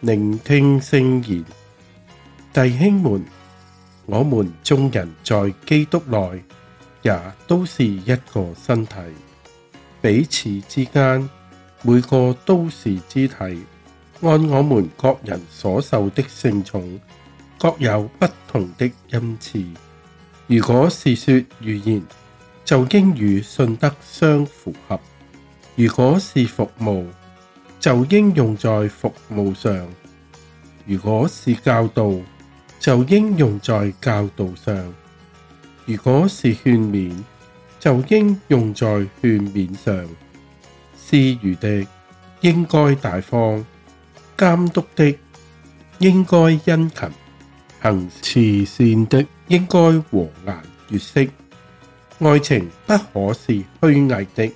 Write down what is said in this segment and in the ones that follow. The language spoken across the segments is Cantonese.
聆聽聖言，弟兄們，我們眾人在基督內也都是一個身體，彼此之間每個都是肢體。按我們各人所受的聖寵，各有不同的恩賜。如果是說預言，就應與信德相符合；如果是服務，就應用在服務上；如果是教導，就應用在教導上；如果是勸勉，就應用在勸勉上。施與的應該大方，監督的應該殷勤，行慈善的應該和顏悅色。愛情不可是虛偽的。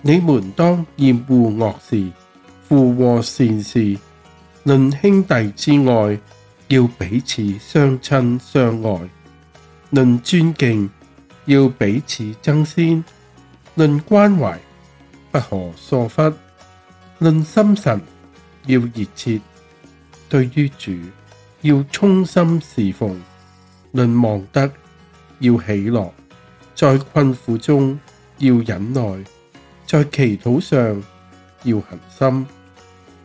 你們當厭惡惡事。附和善事。論兄弟之愛，要彼此相親相愛；論尊敬，要彼此爭先；論關懷，不可疏忽；論心神，要熱切。對於主，要衷心事奉；論望德，要喜樂；在困苦中要忍耐；在祈禱上要恒心。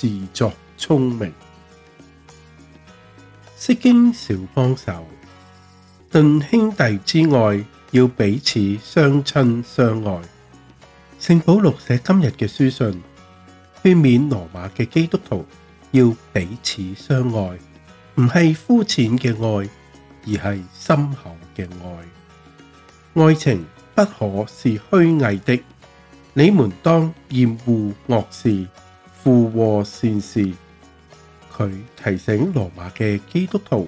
自作聰明，釋經小幫手，論兄弟之愛，要彼此相親相愛。聖保祿寫今日嘅書信，勸勉羅馬嘅基督徒要彼此相愛，唔係膚淺嘅愛，而係深厚嘅愛。愛情不可是虛偽的，你們當厭惡惡事。附和善事，佢提醒羅馬嘅基督徒，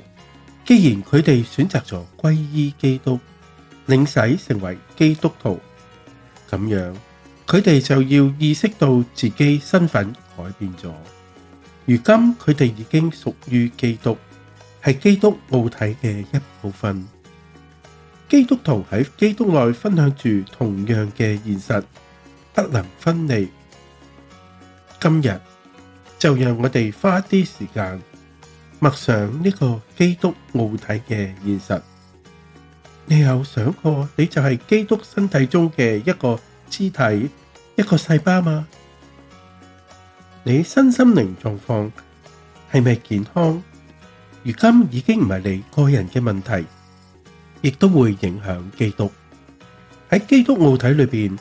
既然佢哋選擇咗皈依基督，領洗成為基督徒，咁樣佢哋就要意識到自己身份改變咗。如今佢哋已經屬於基督，係基督奧體嘅一部分。基督徒喺基督內分享住同樣嘅現實，不能分離。今日就讓我哋花一啲時間默想呢個基督奧體嘅現實。你有想過，你就係基督身體中嘅一個肢體、一個細胞嗎？你身心靈狀況係咪健康？如今已經唔係你個人嘅問題，亦都會影響基督。喺基督奧體裏邊。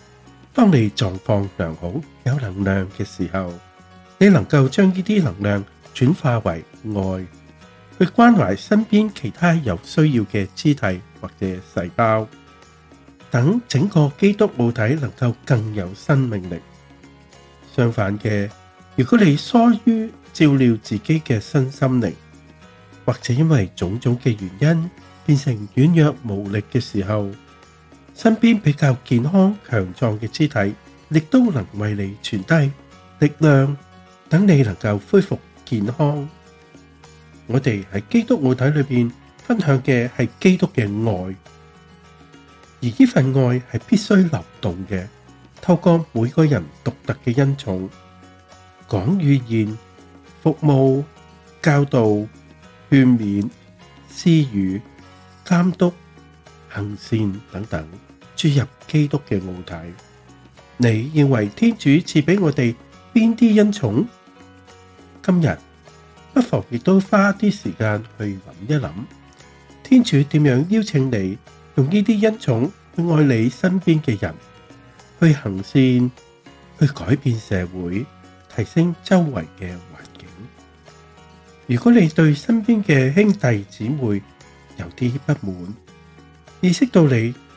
當你狀況良好、有能量嘅時候，你能夠將呢啲能量轉化為愛，去關懷身邊其他有需要嘅肢體或者細胞，等整個基督奧體能夠更有生命力。相反嘅，如果你疏於照料自己嘅身心靈，或者因為種種嘅原因變成軟弱無力嘅時候，身邊比較健康強壯嘅肢體，亦都能為你傳遞力量，等你能夠恢復健康。我哋喺基督奧體裏邊分享嘅係基督嘅愛，而呢份愛係必須流動嘅，透過每個人獨特嘅恩寵，講預言、服務、教導、勸勉、施與、監督、行善等等。注入基督嘅奧體，你認為天主賜俾我哋邊啲恩寵？今日不妨亦都花啲時間去諗一諗，天主點樣邀請你用呢啲恩寵去愛你身邊嘅人，去行善，去改變社會，提升周圍嘅環境？如果你對身邊嘅兄弟姊妹有啲不滿，意識到你。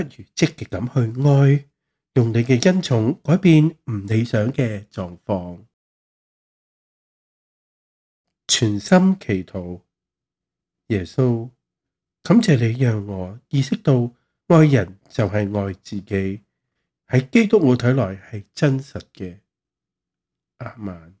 不如積極咁去愛，用你嘅恩寵改變唔理想嘅狀況。全心祈禱，耶穌，感謝你讓我意識到愛人就係愛自己，喺基督奧體內係真實嘅。阿們，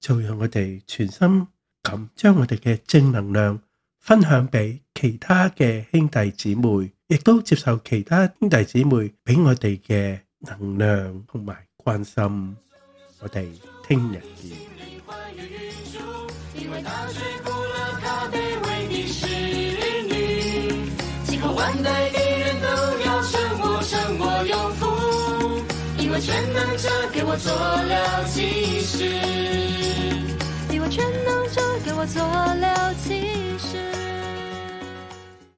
就讓我哋全心咁將我哋嘅正能量。分享畀其他嘅兄弟姊妹，亦都接受其他兄弟姊妹畀我哋嘅能量同埋關心。我哋聽日見。